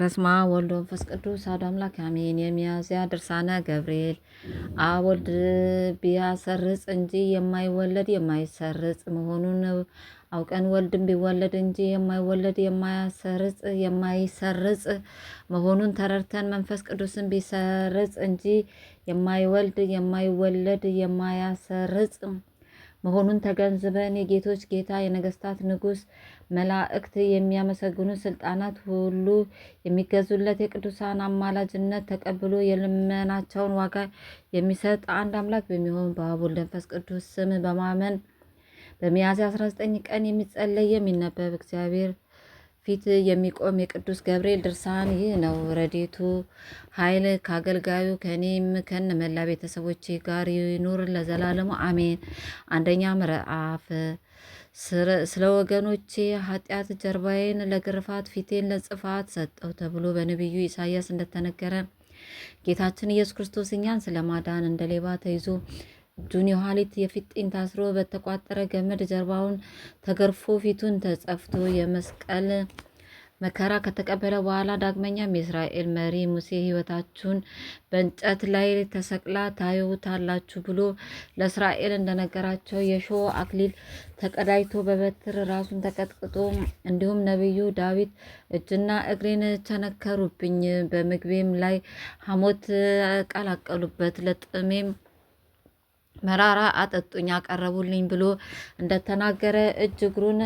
በስማ ወልድ መንፈስ ቅዱስ አሐዱ አምላክ አሜን። የሚያዝያ ድርሳነ ገብርኤል። አወልድ ቢያሰርጽ እንጂ የማይወለድ የማይሰርጽ መሆኑን አውቀን ወልድም ቢወለድ እንጂ የማይወለድ የማያሰርጽ የማይሰርጽ መሆኑን ተረድተን መንፈስ ቅዱስን ቢሰርጽ እንጂ የማይወልድ የማይወለድ የማያሰርጽ መሆኑን ተገንዝበን የጌቶች ጌታ የነገስታት ንጉስ መላእክት የሚያመሰግኑ ስልጣናት ሁሉ የሚገዙለት የቅዱሳን አማላጅነት ተቀብሎ የልመናቸውን ዋጋ የሚሰጥ አንድ አምላክ በሚሆን በአብ ወልድ መንፈስ ቅዱስ ስም በማመን በሚያዝያ 19 ቀን የሚጸለይ የሚነበብ እግዚአብሔር ፊት የሚቆም የቅዱስ ገብርኤል ድርሳን ይህ ነው። ረዴቱ ኃይል ከአገልጋዩ ከእኔም ከነ መላ ቤተሰቦቼ ጋር ይኑር ለዘላለሙ አሜን። አንደኛ ምዕራፍ ስለ ወገኖቼ ኃጢአት ጀርባዬን ለግርፋት ፊቴን ለጽፋት ሰጠው ተብሎ በነቢዩ ኢሳያስ እንደተነገረ ጌታችን ኢየሱስ ክርስቶስ እኛን ስለ ማዳን እንደ ሌባ ተይዞ እጁን የኋሊት የፊት ጢን ታስሮ በተቋጠረ ገመድ ጀርባውን ተገርፎ ፊቱን ተጸፍቶ የመስቀል መከራ ከተቀበለ በኋላ ዳግመኛም የእስራኤል መሪ ሙሴ ሕይወታችሁን በእንጨት ላይ ተሰቅላ ታዩታላችሁ ብሎ ለእስራኤል እንደነገራቸው የእሾህ አክሊል ተቀዳጅቶ በበትር ራሱን ተቀጥቅጦ እንዲሁም ነቢዩ ዳዊት እጅና እግሬን ቸነከሩብኝ፣ በምግቤም ላይ ሐሞት ቀላቀሉበት፣ ለጥሜም መራራ አጠጡኝ አቀረቡልኝ ብሎ እንደተናገረ እጅ እግሩን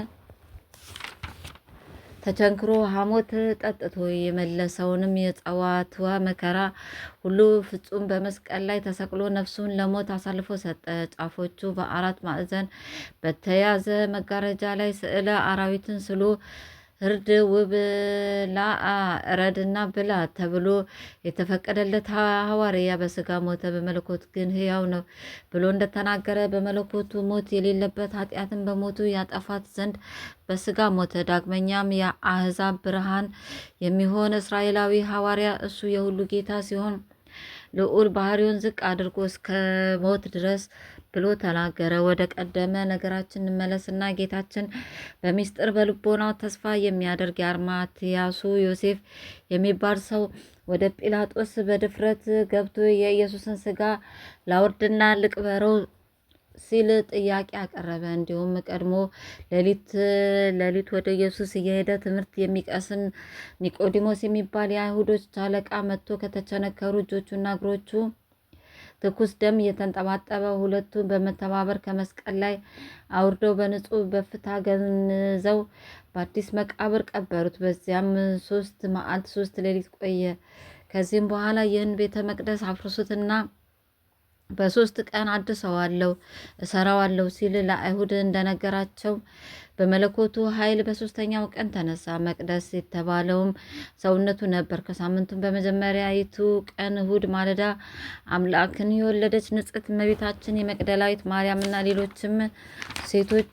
ተቸንክሮ ሐሞት ጠጥቶ የመለሰውንም የጸዋትዋ መከራ ሁሉ ፍጹም በመስቀል ላይ ተሰቅሎ ነፍሱን ለሞት አሳልፎ ሰጠ። ጫፎቹ በአራት ማዕዘን በተያዘ መጋረጃ ላይ ስዕለ አራዊትን ስሎ እርድ ውብላ እረድና ብላ ተብሎ የተፈቀደለት ሐዋርያ በስጋ ሞተ፣ በመለኮት ግን ህያው ነው ብሎ እንደተናገረ በመለኮቱ ሞት የሌለበት ኃጢአትን በሞቱ ያጠፋት ዘንድ በስጋ ሞተ። ዳግመኛም የአህዛብ ብርሃን የሚሆን እስራኤላዊ ሐዋርያ እሱ የሁሉ ጌታ ሲሆን ልዑል ባህሪውን ዝቅ አድርጎ እስከ ሞት ድረስ ብሎ ተናገረ። ወደ ቀደመ ነገራችን እንመለስና ጌታችን በሚስጥር በልቦናው ተስፋ የሚያደርግ የአርማትያሱ ዮሴፍ የሚባል ሰው ወደ ጲላጦስ በድፍረት ገብቶ የኢየሱስን ስጋ ላውርድና ልቅበረው ሲል ጥያቄ አቀረበ። እንዲሁም ቀድሞ ሌሊት ሌሊት ወደ ኢየሱስ እየሄደ ትምህርት የሚቀስም ኒቆዲሞስ የሚባል የአይሁዶች አለቃ መጥቶ ከተቸነከሩ እጆቹና እግሮቹ ትኩስ ደም እየተንጠባጠበ ሁለቱ በመተባበር ከመስቀል ላይ አውርደው በንጹህ በፍታ ገንዘው በአዲስ መቃብር ቀበሩት። በዚያም ሶስት መዓልት ሶስት ሌሊት ቆየ። ከዚህም በኋላ ይህን ቤተ መቅደስ አፍርሱትና በሶስት ቀን አድሰዋለሁ እሰራዋለሁ ሲል ለአይሁድ እንደነገራቸው በመለኮቱ ኃይል በሶስተኛው ቀን ተነሳ። መቅደስ የተባለውም ሰውነቱ ነበር። ከሳምንቱም በመጀመሪያይቱ ቀን እሁድ ማለዳ አምላክን የወለደች ንጽሕት እመቤታችን የመቅደላዊት ማርያምና ሌሎችም ሴቶች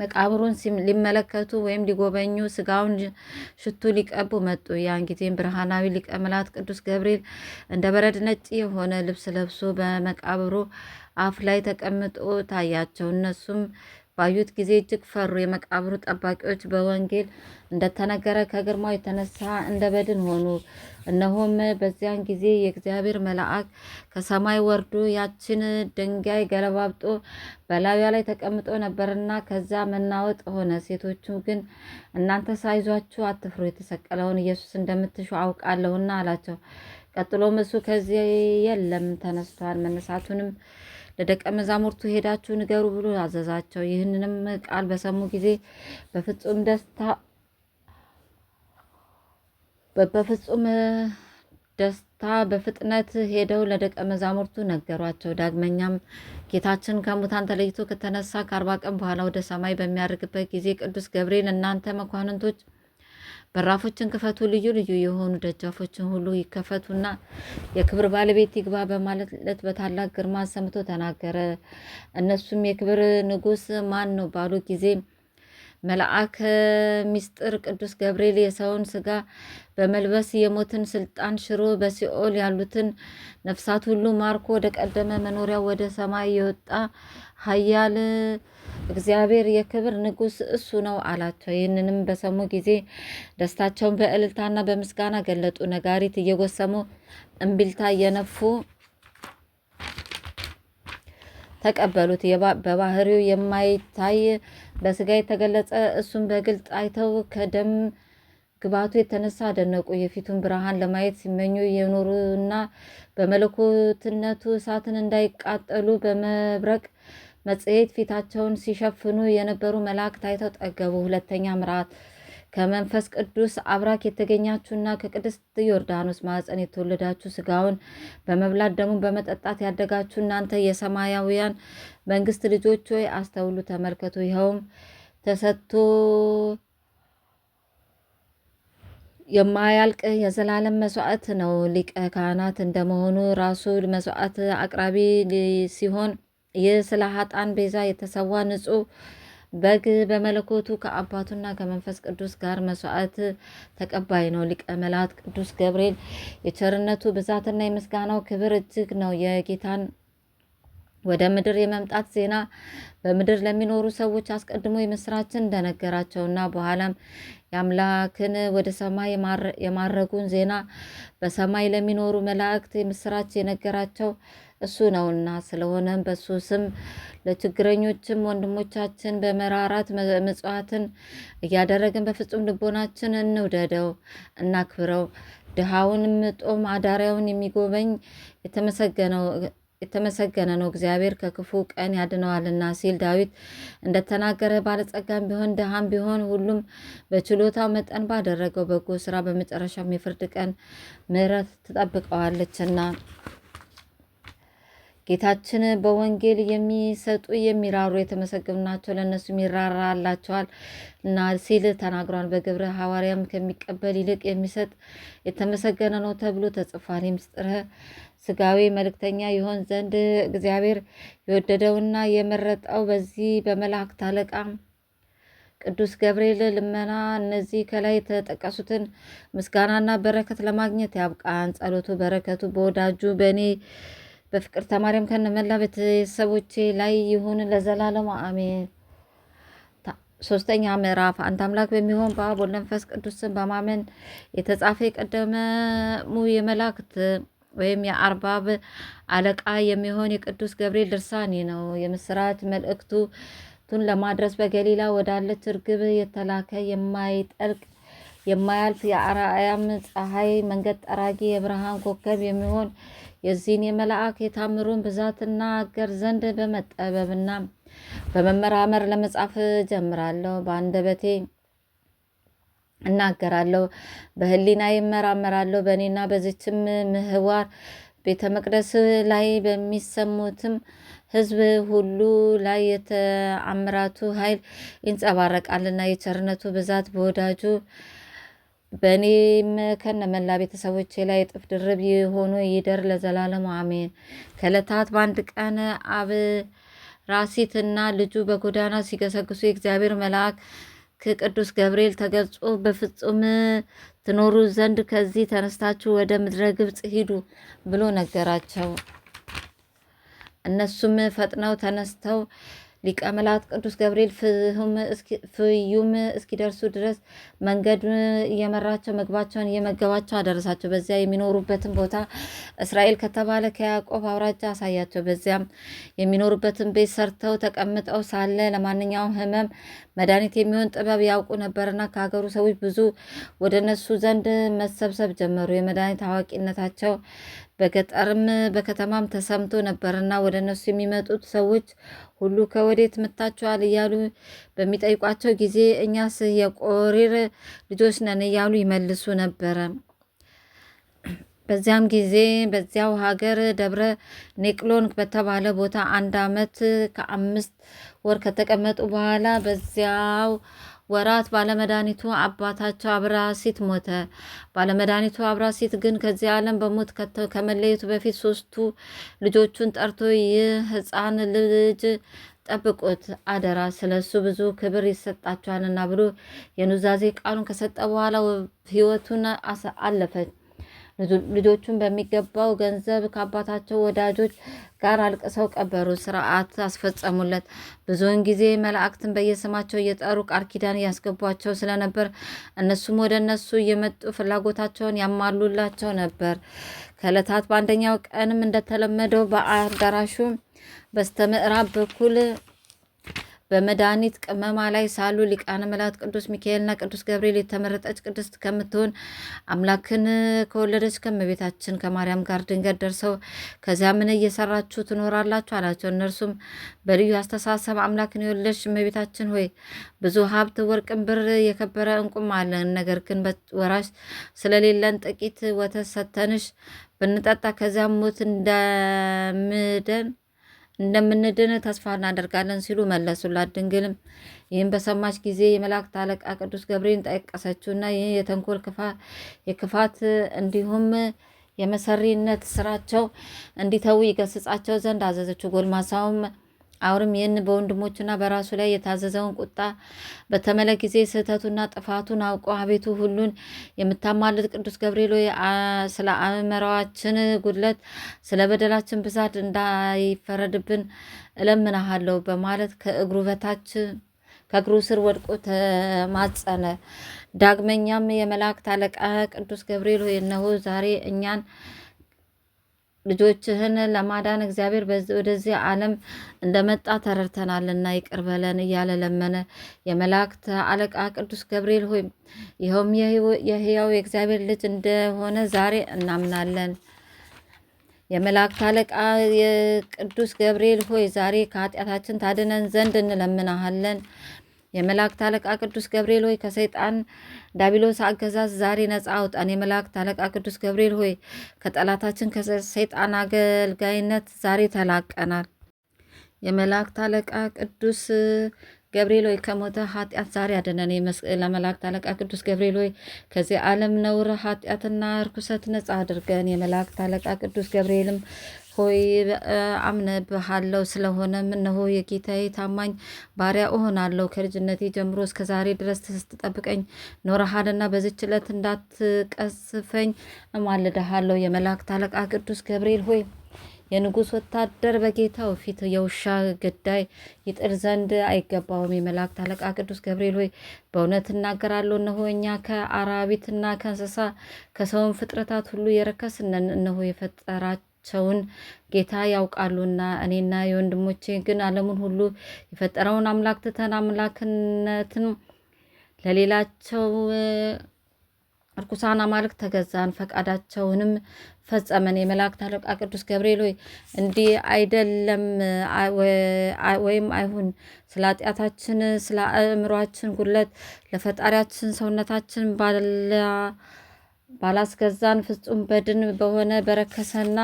መቃብሩን ሊመለከቱ ወይም ሊጎበኙ ስጋውን ሽቱ ሊቀቡ መጡ። ያን ጊዜም ብርሃናዊ ሊቀ መላእክት ቅዱስ ገብርኤል እንደ በረድ ነጭ የሆነ ልብስ ለብሶ በመቃብሩ አፍ ላይ ተቀምጦ ታያቸው። እነሱም ባዩት ጊዜ እጅግ ፈሩ። የመቃብሩ ጠባቂዎች በወንጌል እንደተነገረ ከግርማው የተነሳ እንደ በድን ሆኑ። እነሆም በዚያን ጊዜ የእግዚአብሔር መልአክ ከሰማይ ወርዶ ያችን ድንጋይ ገለባብጦ በላዩ ላይ ተቀምጦ ነበርና ከዛ መናወጥ ሆነ። ሴቶቹ ግን እናንተ ሳይዟችሁ አትፍሩ፣ የተሰቀለውን ኢየሱስ እንደምትሹ አውቃለሁና አላቸው። ቀጥሎም እሱ ከዚህ የለም ተነስቷል፣ መነሳቱንም ለደቀ መዛሙርቱ ሄዳችሁ ንገሩ ብሎ አዘዛቸው። ይህንንም ቃል በሰሙ ጊዜ በፍጹም ደስታ በፍጹም ደስታ በፍጥነት ሄደው ለደቀ መዛሙርቱ ነገሯቸው። ዳግመኛም ጌታችን ከሙታን ተለይቶ ከተነሳ ከአርባ ቀን በኋላ ወደ ሰማይ በሚያርግበት ጊዜ ቅዱስ ገብርኤል እናንተ መኳንንቶች በራፎችን ክፈቱ፣ ልዩ ልዩ የሆኑ ደጃፎችን ሁሉ ይከፈቱና የክብር ባለቤት ይግባ በማለት በታላቅ ግርማ ሰምቶ ተናገረ። እነሱም የክብር ንጉስ ማን ነው ባሉ ጊዜ መልአክ ሚስጥር ቅዱስ ገብርኤል የሰውን ስጋ በመልበስ የሞትን ስልጣን ሽሮ በሲኦል ያሉትን ነፍሳት ሁሉ ማርኮ ወደ ቀደመ መኖሪያው ወደ ሰማይ የወጣ ኃያል እግዚአብሔር የክብር ንጉሥ እሱ ነው አላቸው። ይህንንም በሰሙ ጊዜ ደስታቸውን በእልልታና በምስጋና ገለጡ። ነጋሪት እየጎሰሙ እምቢልታ እየነፉ ተቀበሉት። በባህሪው የማይታይ በስጋ የተገለጸ እሱን በግልጽ አይተው ከደም ግባቱ የተነሳ አደነቁ። የፊቱን ብርሃን ለማየት ሲመኙ የኖሩና በመለኮትነቱ እሳትን እንዳይቃጠሉ በመብረቅ መጽሔት ፊታቸውን ሲሸፍኑ የነበሩ መላእክት አይተው ጠገቡ። ሁለተኛ ምርዓት ከመንፈስ ቅዱስ አብራክ የተገኛችሁና ከቅድስት ዮርዳኖስ ማዕፀን የተወለዳችሁ ስጋውን በመብላት ደሙን በመጠጣት ያደጋችሁ እናንተ የሰማያውያን መንግስት ልጆች ሆይ አስተውሉ፣ ተመልከቱ። ይኸውም ተሰጥቶ የማያልቅ የዘላለም መስዋዕት ነው። ሊቀ ካህናት እንደመሆኑ ራሱ መስዋዕት አቅራቢ ሲሆን ይህ ስለ ሀጣን ቤዛ የተሰዋ ንጹህ በግ በመለኮቱ ከአባቱና ከመንፈስ ቅዱስ ጋር መስዋዕት ተቀባይ ነው። ሊቀ መላእክት ቅዱስ ገብርኤል የቸርነቱ ብዛትና የምስጋናው ክብር እጅግ ነው። የጌታን ወደ ምድር የመምጣት ዜና በምድር ለሚኖሩ ሰዎች አስቀድሞ የምስራችን እንደነገራቸውና በኋላም የአምላክን ወደ ሰማይ የማረጉን ዜና በሰማይ ለሚኖሩ መላእክት የምስራች የነገራቸው እሱ ነውና፣ ስለሆነም በሱ ስም ለችግረኞችም ወንድሞቻችን በመራራት ምጽዋትን እያደረግን በፍጹም ልቦናችን እንውደደው፣ እናክብረው። ድሃውንም ጦም አዳሪያውን የሚጎበኝ የተመሰገነ ነው እግዚአብሔር ከክፉ ቀን ያድነዋልና ሲል ዳዊት እንደተናገረ ባለጸጋም ቢሆን ድሃም ቢሆን ሁሉም በችሎታው መጠን ባደረገው በጎ ስራ በመጨረሻም የፍርድ ቀን ምሕረት ትጠብቀዋለችና ጌታችን በወንጌል የሚሰጡ የሚራሩ የተመሰገኑ ናቸው፣ ለእነሱ ይራራላቸዋል እና ሲል ተናግሯል። በግብረ ሐዋርያም ከሚቀበል ይልቅ የሚሰጥ የተመሰገነ ነው ተብሎ ተጽፏል። የምስጢረ ስጋዊ መልእክተኛ ይሆን ዘንድ እግዚአብሔር የወደደውና የመረጠው በዚህ በመላእክት አለቃ ቅዱስ ገብርኤል ልመና እነዚህ ከላይ የተጠቀሱትን ምስጋናና በረከት ለማግኘት ያብቃን። ጸሎቱ በረከቱ በወዳጁ በእኔ በፍቅርተ ማርያም መላ ቤተሰቦቼ ላይ ይሁን ለዘላለሙ አሜን። ሶስተኛ ምዕራፍ አንድ አምላክ በሚሆን በአብ ወልድ መንፈስ ቅዱስን በማመን የተጻፈ የቀደመሙ የመላእክት ወይም የአርባብ አለቃ የሚሆን የቅዱስ ገብርኤል ድርሳኒ ነው። የምስራች ቱን ለማድረስ በገሊላ ወዳለች እርግብ የተላከ የማይጠልቅ የማያልፍ የአርአያም ፀሐይ መንገድ ጠራጊ የብርሃን ኮከብ የሚሆን የዚህን የመልአክ የታምሩን ብዛትና አገር ዘንድ በመጠበብና በመመራመር ለመጻፍ ጀምራለሁ። በአንደበቴ እናገራለሁ፣ በህሊና ይመራመራለሁ። በእኔና በዚችም ምህዋር ቤተ መቅደስ ላይ በሚሰሙትም ህዝብ ሁሉ ላይ የተአምራቱ ኃይል ይንጸባረቃልና የቸርነቱ ብዛት በወዳጁ በእኔም ከነመላ ቤተሰቦቼ ላይ እጥፍ ድርብ የሆኑ ይደር ለዘላለሙ አሜን። ከለታት በአንድ ቀን አብ ራሲትና ልጁ በጎዳና ሲገሰግሱ የእግዚአብሔር መልአክ ቅዱስ ገብርኤል ተገልጾ በፍጹም ትኖሩ ዘንድ ከዚህ ተነስታችሁ ወደ ምድረ ግብፅ ሂዱ ብሎ ነገራቸው። እነሱም ፈጥነው ተነስተው ሊቀ መላእክት ቅዱስ ገብርኤል ፍዩም እስኪደርሱ ድረስ መንገድ እየመራቸው ምግባቸውን እየመገባቸው አደረሳቸው። በዚያ የሚኖሩበትን ቦታ እስራኤል ከተባለ ከያዕቆብ አውራጃ አሳያቸው። በዚያም የሚኖሩበትን ቤት ሰርተው ተቀምጠው ሳለ ለማንኛውም ሕመም መድኃኒት የሚሆን ጥበብ ያውቁ ነበርና ከሀገሩ ሰዎች ብዙ ወደ እነሱ ዘንድ መሰብሰብ ጀመሩ። የመድኃኒት አዋቂነታቸው በገጠርም በከተማም ተሰምቶ ነበርና ወደ እነሱ የሚመጡት ሰዎች ሁሉ ከወዴት መጥታችኋል እያሉ በሚጠይቋቸው ጊዜ እኛስ የቆሪር ልጆች ነን እያሉ ይመልሱ ነበረ። በዚያም ጊዜ በዚያው ሀገር ደብረ ኔቅሎን በተባለ ቦታ አንድ ዓመት ከአምስት ወር ከተቀመጡ በኋላ በዚያው ወራት ባለመድኃኒቱ አባታቸው አብራሲት ሞተ። ባለመድኃኒቱ አብራሲት ግን ከዚህ ዓለም በሞት ከመለየቱ በፊት ሶስቱ ልጆቹን ጠርቶ ይህ ሕፃን ልጅ ጠብቁት፣ አደራ ስለ እሱ ብዙ ክብር ይሰጣችኋልና ብሎ የኑዛዜ ቃሉን ከሰጠ በኋላ ሕይወቱን አለፈች። ልጆቹን በሚገባው ገንዘብ ከአባታቸው ወዳጆች ጋር አልቅሰው ቀበሩ፣ ስርዓት አስፈጸሙለት። ብዙውን ጊዜ መላእክትን በየስማቸው እየጠሩ ቃል ኪዳን እያስገቧቸው ስለነበር እነሱም ወደ እነሱ እየመጡ ፍላጎታቸውን ያማሉላቸው ነበር። ከእለታት በአንደኛው ቀንም እንደተለመደው በአዳራሹ በስተ ምዕራብ በኩል በመድኃኒት ቅመማ ላይ ሳሉ ሊቃነ መላእክት ቅዱስ ሚካኤልና ቅዱስ ገብርኤል የተመረጠች ቅድስት ከምትሆን አምላክን ከወለደች ከእመቤታችን ከማርያም ጋር ድንገት ደርሰው ከዚያ ምን እየሰራችሁ ትኖራላችሁ? አላቸው። እነርሱም በልዩ አስተሳሰብ አምላክን የወለደች እመቤታችን ሆይ ብዙ ሀብት፣ ወርቅን፣ ብር፣ የከበረ እንቁም አለን። ነገር ግን ወራሽ ስለሌለን ጥቂት ወተት ሰተንሽ ብንጠጣ ከዚያም ሞት እንደምደን እንደምንድን ተስፋ እናደርጋለን ሲሉ መለሱላት። ድንግልም ይህም በሰማች ጊዜ የመላእክት አለቃ ቅዱስ ገብርኤልን ጠቀሰችውና ይህ የተንኮል የክፋት እንዲሁም የመሰሪነት ስራቸው እንዲተዉ ይገስጻቸው ዘንድ አዘዘችው። ጎልማሳውም አሁንም ይህን በወንድሞቹና በራሱ ላይ የታዘዘውን ቁጣ በተመለ ጊዜ ስህተቱና ጥፋቱን አውቆ አቤቱ ሁሉን የምታማልድ ቅዱስ ገብርኤል ስለ አእምሯችን ጉድለት ስለ በደላችን ብዛት እንዳይፈረድብን እለምናሃለሁ በማለት ከእግሩ በታች ከእግሩ ስር ወድቆ ተማጸነ። ዳግመኛም የመላእክት አለቃ ቅዱስ ገብርኤል ሆይ እነሆ ዛሬ እኛን ልጆችህን ለማዳን እግዚአብሔር ወደዚህ ዓለም እንደመጣ ተረድተናልና ይቅር በለን እያለ ለመነ። የመላእክት አለቃ ቅዱስ ገብርኤል ሆይ ይኸውም የሕያው የእግዚአብሔር ልጅ እንደሆነ ዛሬ እናምናለን። የመላእክት አለቃ የቅዱስ ገብርኤል ሆይ ዛሬ ከኃጢአታችን ታድነን ዘንድ እንለምናሃለን። የመላእክት አለቃ ቅዱስ ገብርኤል ሆይ ከሰይጣን ዳቢሎስ አገዛዝ ዛሬ ነጻ አውጣን። የመላእክት አለቃ ቅዱስ ገብርኤል ሆይ ከጠላታችን ከሰይጣን አገልጋይነት ዛሬ ተላቀናል። የመላእክት አለቃ ቅዱስ ገብርኤል ሆይ ከሞተ ኃጢአት ዛሬ አደነን። ለመላእክት አለቃ ቅዱስ ገብርኤል ሆይ ከዚህ ዓለም ነውር ኃጢአትና ርኩሰት ነጻ አድርገን። የመላእክት አለቃ ቅዱስ ገብርኤልም ሆይ አምነብሃለሁ። ስለሆነም እነሆ የጌታዬ ታማኝ ባሪያ እሆናለሁ። ከልጅነቴ ጀምሮ እስከ ዛሬ ድረስ ስትጠብቀኝ ኖረሃልና በዚች ዕለት እንዳትቀስፈኝ እማልድሃለሁ። የመላእክት አለቃ ቅዱስ ገብርኤል ሆይ የንጉስ ወታደር በጌታው ፊት የውሻ ግዳይ ይጥል ዘንድ አይገባውም። የመላእክት አለቃ ቅዱስ ገብርኤል ሆይ በእውነት እናገራለሁ። እነሆ እኛ ከአራቢትና ከእንስሳ ከሰውን ፍጥረታት ሁሉ የረከስነን። እነሆ የፈጠራቸው ቸውን ጌታ ያውቃሉና እኔና የወንድሞቼ ግን ዓለሙን ሁሉ የፈጠረውን አምላክ ትተን አምላክነትን ለሌላቸው እርኩሳን አማልክ ተገዛን፣ ፈቃዳቸውንም ፈጸመን። የመላእክት አለቃ ቅዱስ ገብርኤል ሆይ እንዲህ አይደለም ወይም አይሁን። ስለ ኃጢአታችን፣ ስለ አእምሯችን ጉድለት ለፈጣሪያችን ሰውነታችን ባላ ባላስገዛን ፍጹም በድን በሆነ በረከሰና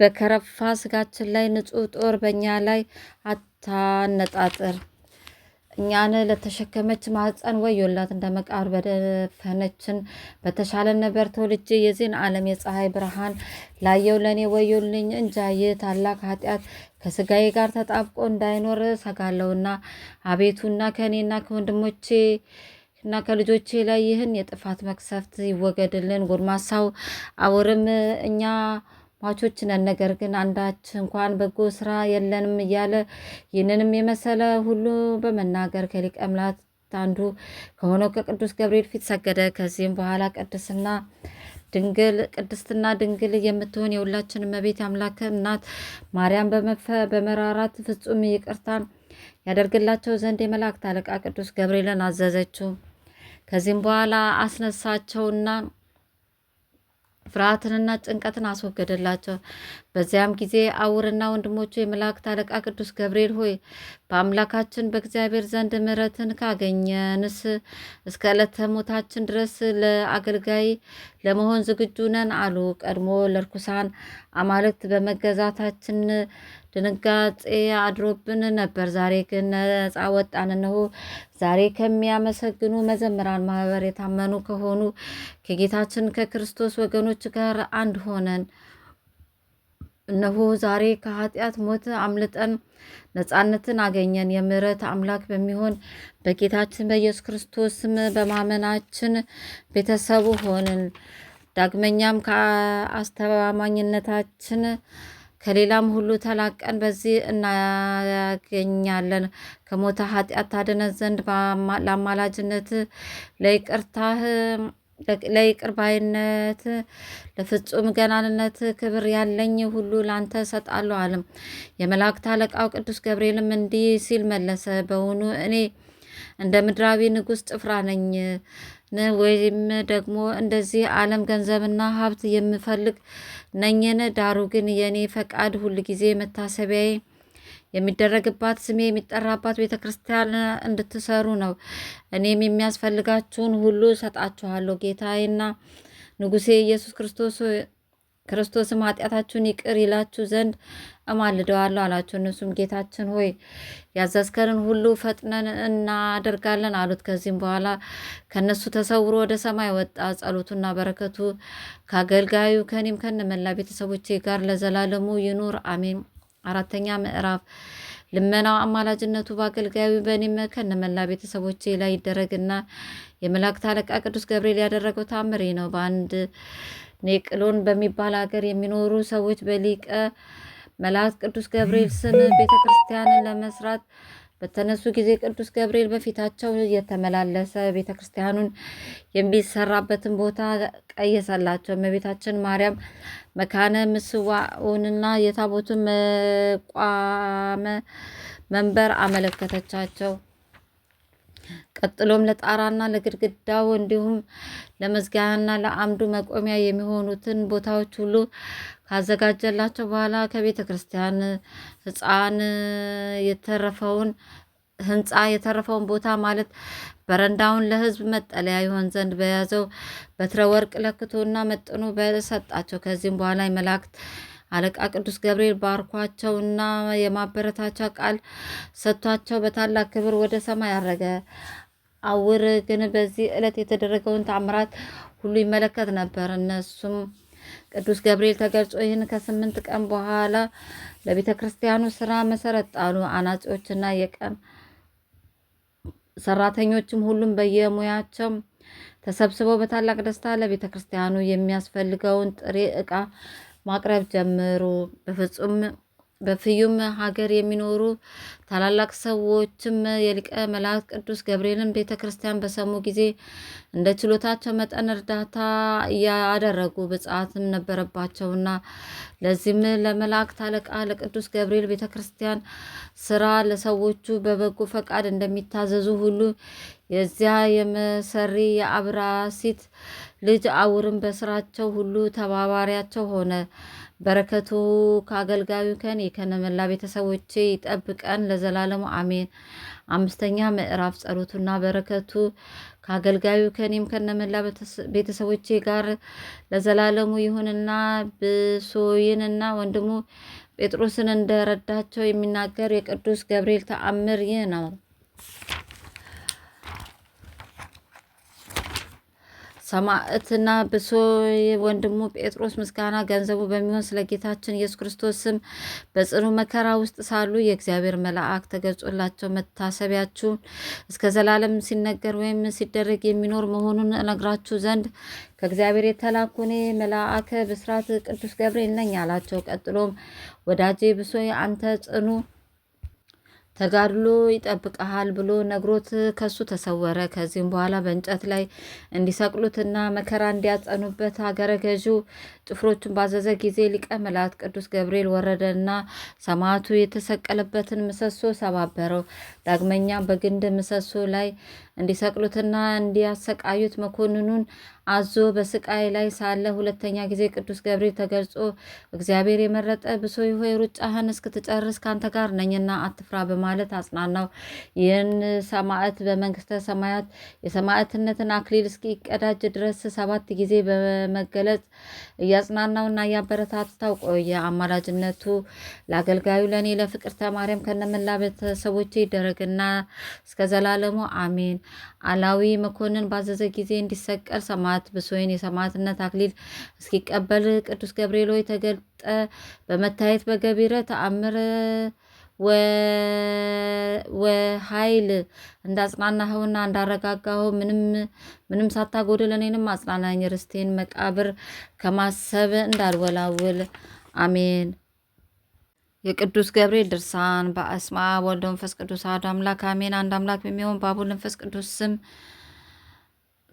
በከረፋ ስጋችን ላይ ንጹህ ጦር በእኛ ላይ አታነጣጥር። እኛን ለተሸከመች ማህፀን ወዮላት፣ እንደ መቃብር በደፈነችን። በተሻለ ነበር ተወልጄ የዚህን ዓለም የፀሐይ ብርሃን ላየው ለእኔ ወዮልኝ እንጃ። ይህ ታላቅ ኃጢአት ከስጋዬ ጋር ተጣብቆ እንዳይኖር ሰጋለውና አቤቱና ከእኔና ከወንድሞቼ እና ከልጆቼ ላይ ይህን የጥፋት መቅሰፍት ይወገድልን። ጎድማሳው አውርም እኛ ሟቾች ነን፣ ነገር ግን አንዳች እንኳን በጎ ስራ የለንም እያለ ይህንንም የመሰለ ሁሉ በመናገር ከሊቀ መላእክት አንዱ ከሆነው ከቅዱስ ገብርኤል ፊት ሰገደ። ከዚህም በኋላ ቅድስና ድንግል ቅድስትና ድንግል የምትሆን የሁላችን እመቤት አምላክ እናት ማርያም በመራራት ፍጹም ይቅርታን ያደርግላቸው ዘንድ የመላእክት አለቃ ቅዱስ ገብርኤልን አዘዘችው። ከዚህም በኋላ አስነሳቸውና ፍርሃትንና ጭንቀትን አስወገደላቸው። በዚያም ጊዜ አውርና ወንድሞቹ የመላእክት አለቃ ቅዱስ ገብርኤል ሆይ በአምላካችን በእግዚአብሔር ዘንድ ምሕረትን ካገኘንስ እስከ ዕለተ ሞታችን ድረስ ለአገልጋይ ለመሆን ዝግጁ ነን አሉ። ቀድሞ ለርኩሳን አማልክት በመገዛታችን ድንጋጤ አድሮብን ነበር። ዛሬ ግን ነፃ ወጣን። እነሆ ዛሬ ከሚያመሰግኑ መዘምራን ማህበር የታመኑ ከሆኑ ከጌታችን ከክርስቶስ ወገኖች ጋር አንድ ሆነን እነሆ ዛሬ ከኃጢአት ሞት አምልጠን ነፃነትን አገኘን። የምሕረት አምላክ በሚሆን በጌታችን በኢየሱስ ክርስቶስ በማመናችን ቤተሰቡ ሆንን። ዳግመኛም ከአስተማማኝነታችን ከሌላም ሁሉ ተላቀን በዚህ እናገኛለን። ከሞተ ኃጢአት ታድነን ዘንድ ለአማላጅነት ለይቅርታህ ለይቅር ባይነት ለፍጹም ገናንነት ክብር ያለኝ ሁሉ ላንተ ሰጣለዋል አለም። የመላእክት አለቃው ቅዱስ ገብርኤልም እንዲህ ሲል መለሰ፣ በውኑ እኔ እንደ ምድራዊ ንጉሥ ጭፍራ ነኝ። ወይም ደግሞ እንደዚህ ዓለም ገንዘብና ሀብት የምፈልግ ነኝን? ዳሩ ግን የእኔ ፈቃድ ጊዜ መታሰቢያዬ የሚደረግባት ስሜ የሚጠራባት ቤተ ክርስቲያን እንድትሰሩ ነው። እኔም የሚያስፈልጋችሁን ሁሉ እሰጣችኋለሁ። ጌታዬና ንጉሴ ኢየሱስ ክርስቶስ ክርስቶስም ኃጢአታችሁን ይቅር ይላችሁ ዘንድ እማልደዋለሁ አላቸው። እነሱም ጌታችን ሆይ ያዘዝከንን ሁሉ ፈጥነን እናደርጋለን አሉት። ከዚህም በኋላ ከነሱ ተሰውሮ ወደ ሰማይ ወጣ። ጸሎቱና በረከቱ ከአገልጋዩ ከኔም ከነመላ ቤተሰቦቼ ጋር ለዘላለሙ ይኑር አሜን። አራተኛ ምዕራፍ ልመናው አማላጅነቱ በአገልጋዩ በኔም ከነመላ ቤተሰቦቼ ላይ ይደረግና የመላእክት አለቃ ቅዱስ ገብርኤል ያደረገው ታምሬ ነው በአንድ ኔቅሎን በሚባል ሀገር የሚኖሩ ሰዎች በሊቀ መላእክት ቅዱስ ገብርኤል ስም ቤተ ክርስቲያንን ለመስራት በተነሱ ጊዜ ቅዱስ ገብርኤል በፊታቸው እየተመላለሰ ቤተ ክርስቲያኑን የሚሰራበትን ቦታ ቀየሰላቸው። እመቤታችን ማርያም መካነ ምስዋዕንና የታቦቱን መቋመ መንበር አመለከተቻቸው። ቀጥሎም ለጣራና ለግድግዳው እንዲሁም ለመዝጊያና ለአምዱ መቆሚያ የሚሆኑትን ቦታዎች ሁሉ ካዘጋጀላቸው በኋላ ከቤተ ክርስቲያን ህፃን የተረፈውን ህንፃ የተረፈውን ቦታ ማለት በረንዳውን ለህዝብ መጠለያ ይሆን ዘንድ በያዘው በትረ ወርቅ ለክቶና መጥኖ በሰጣቸው። ከዚህም በኋላ የመላእክት አለቃ ቅዱስ ገብርኤል ባርኳቸውና የማበረታቻ ቃል ሰጥቷቸው በታላቅ ክብር ወደ ሰማይ አረገ። አውር ግን በዚህ ዕለት የተደረገውን ታምራት ሁሉ ይመለከት ነበር። እነሱም ቅዱስ ገብርኤል ተገልጾ ይህን ከስምንት ቀን በኋላ ለቤተ ክርስቲያኑ ስራ መሰረት ጣሉ። አናጺዎችና የቀን ሰራተኞችም ሁሉም በየሙያቸው ተሰብስበው በታላቅ ደስታ ለቤተ ክርስቲያኑ የሚያስፈልገውን ጥሬ ዕቃ ማቅረብ ጀምሩ በፍጹም በፍዩም ሀገር የሚኖሩ ታላላቅ ሰዎችም የሊቀ መላእክት ቅዱስ ገብርኤልን ቤተ ክርስቲያን በሰሙ ጊዜ እንደ ችሎታቸው መጠን እርዳታ እያደረጉ ብጽዓትም ነበረባቸውና ለዚህም ለመላእክት አለቃ ለቅዱስ ገብርኤል ቤተ ክርስቲያን ስራ ለሰዎቹ በበጎ ፈቃድ እንደሚታዘዙ ሁሉ የዚያ የመሰሪ የአብራሲት ልጅ አውርም በስራቸው ሁሉ ተባባሪያቸው ሆነ። በረከቱ ከአገልጋዩ ከን ከነመላ ቤተሰቦቼ ይጠብቀን ለዘላለሙ አሜን። አምስተኛ ምዕራፍ ጸሎቱና በረከቱ ከአገልጋዩ ከኔም ከነመላ ቤተሰቦቼ ጋር ለዘላለሙ ይሁንና ብሶይንና ወንድሙ ጴጥሮስን እንደረዳቸው የሚናገር የቅዱስ ገብርኤል ተአምር ይህ ነው። ሰማዕትና ብሶ ወንድሙ ጴጥሮስ ምስጋና ገንዘቡ በሚሆን ስለ ጌታችን ኢየሱስ ክርስቶስ ስም በጽኑ መከራ ውስጥ ሳሉ የእግዚአብሔር መልአክ ተገልጾላቸው መታሰቢያችሁን እስከ ዘላለም ሲነገር ወይም ሲደረግ የሚኖር መሆኑን እነግራችሁ ዘንድ ከእግዚአብሔር የተላኩ እኔ መልአከ ብስራት ቅዱስ ገብርኤል ነኝ አላቸው። ቀጥሎም ወዳጄ ብሶ አንተ ጽኑ ተጋድሎ ይጠብቀሃል ብሎ ነግሮት ከሱ ተሰወረ። ከዚህም በኋላ በእንጨት ላይ እንዲሰቅሉትና መከራ እንዲያጸኑበት ሀገረ ገዢው ጭፍሮቹን ባዘዘ ጊዜ ሊቀ መላእክት ቅዱስ ገብርኤል ወረደና ሰማዕቱ የተሰቀለበትን ምሰሶ ሰባበረው። ዳግመኛ በግንድ ምሰሶ ላይ እንዲሰቅሉትና እንዲያሰቃዩት መኮንኑን አዞ በስቃይ ላይ ሳለ ሁለተኛ ጊዜ ቅዱስ ገብርኤል ተገልጾ እግዚአብሔር የመረጠ ብሶ ሆይ ሩጫህን እስክትጨርስ ካንተ ጋር ነኝና አትፍራ በማለት አጽናናው። ይህን ሰማዕት በመንግስተ ሰማያት የሰማዕትነትን አክሊል እስኪቀዳጅ ድረስ ሰባት ጊዜ በመገለጽ እያጽናናውና እያበረታታው ቆየ። አማላጅነቱ ለአገልጋዩ ለእኔ ለፍቅርተ ማርያም ከነመላ ቤተሰቦቼ ይደረግ ይደረግና እስከ ዘላለሙ አሜን። አላዊ መኮንን ባዘዘ ጊዜ እንዲሰቀል ሰማዕት ብሶይን የሰማዕትነት አክሊል እስኪቀበል ቅዱስ ገብርኤል ሆይ ተገልጠ በመታየት በገቢረ ተአምር ወኃይል እንዳጽናናኸውና እንዳረጋጋኸው ምንም ምንም ሳታጎድል እኔንም አጽናናኝ ርስቴን መቃብር ከማሰብ እንዳልወላውል አሜን። የቅዱስ ገብርኤል ድርሳን በአስማ ወልደ መንፈስ ቅዱስ አሐዱ አምላክ አሜን። አንድ አምላክ በሚሆን በአቡል መንፈስ ቅዱስ ስም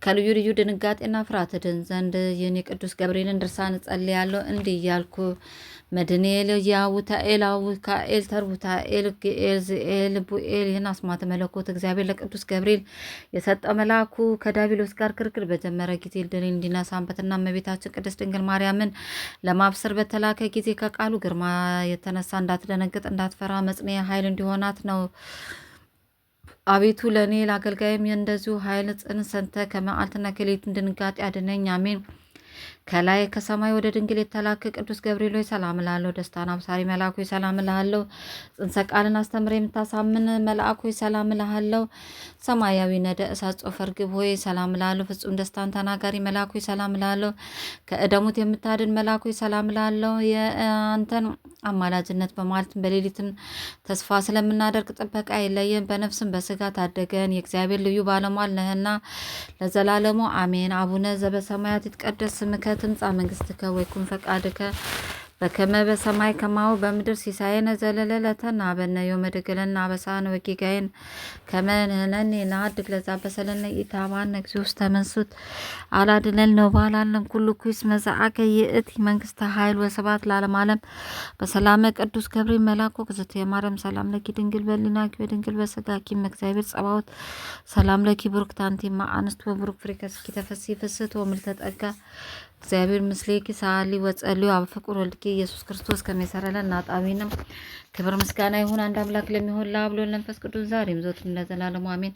ከልዩ ልዩ ድንጋጤና ፍርሃት ድን ዘንድ ይህን የቅዱስ ገብርኤልን ድርሳን ጸልያለሁ። እንዲህ እያልኩ መድንኤል፣ ያውታኤል፣ አውካኤል፣ ተርቡታኤል፣ ግኤል፣ ዝኤል፣ ቡኤል ይህን አስማተ መለኮት እግዚአብሔር ለቅዱስ ገብርኤል የሰጠው መልአኩ ከዳቢሎስ ጋር ክርክር በጀመረ ጊዜ ድል እንዲነሳበትና እመቤታችን ቅድስት ድንግል ማርያምን ለማብሰር በተላከ ጊዜ ከቃሉ ግርማ የተነሳ እንዳትደነግጥ፣ እንዳትፈራ መጽንያ ኃይል እንዲሆናት ነው። አቤቱ ለእኔ ለአገልጋይም የእንደዚሁ ኃይል ጽን ሰንተ ከመዓልትና ከሌት ድንጋጤ አድነኝ። አሜን። ከላይ ከሰማይ ወደ ድንግል የተላከ ቅዱስ ገብርኤል ሆይ ሰላም እልሃለሁ። ደስታን አብሳሪ መልአኩ ሆይ ሰላም እልሃለሁ። ጽንሰ ቃልን አስተምረ የምታሳምን መልአኩ ሆይ ሰላም እልሃለሁ። ሰማያዊ ነደ እሳት ጾፈ ርግብ ሆይ ሰላም እልሃለሁ። ፍጹም ደስታን ተናጋሪ መልአኩ ሆይ ሰላም እልሃለሁ። ከእደሙት የምታድን መልአኩ ሆይ ሰላም እልሃለሁ። የአንተን አማላጅነት በማለትም በሌሊትም ተስፋ ስለምናደርግ ጥበቃ የለየን፣ በነፍስም በስጋ ታደገን። የእግዚአብሔር ልዩ ባለሟል ነህና ለዘላለሙ አሜን። አቡነ ዘበሰማያት ይትቀደስ ስምከ ትምጻእ መንግስትከ ወይኩን ፈቃድከ በከመ በሰማይ ከማሁ በምድር ሲሳየነ ዘለለዕለትነ ሀበነ ዮም ወኅድግለነ አበሳነ ወጌጋየነ ከመ ንሕነኒ ንአድግ ለዘአበሰለነ ኢታብአነ እግዚኦ ውስተ መንሱት አላድለነ ወባልዓለም ኩሉ ኩስ መጽአከ ይእቲ መንግስተ ኃይል ወስብሐት ለዓለመ ዓለም በሰላመ ቅዱስ ገብርኤል መልአኩ እግዝእትየ የማርያም ሰላም ለኪ ድንግል በኅሊናኪ ወድንግል በሥጋኪ እግዚአብሔር ጸባኦት ሰላም ለኪ ቡርክት አንቲ እማ አንስት ወቡሩክ ፍሬ ከርሥኪ ተፈሥሒ ፍስሕት ወምልዕተ ጸጋ እግዚአብሔር ምስሌኪ ሳሊ ወጸልዩ አብ ፍቁር ወልድኪ ኢየሱስ ክርስቶስ ከመሰረለ እና ጣቢንም ክብር ምስጋና ይሁን አንድ አምላክ ለሚሆን ለአብ ለወልድ ለመንፈስ ቅዱስ ዛሬም ዘወትርም ለዘላለሙ አሜን።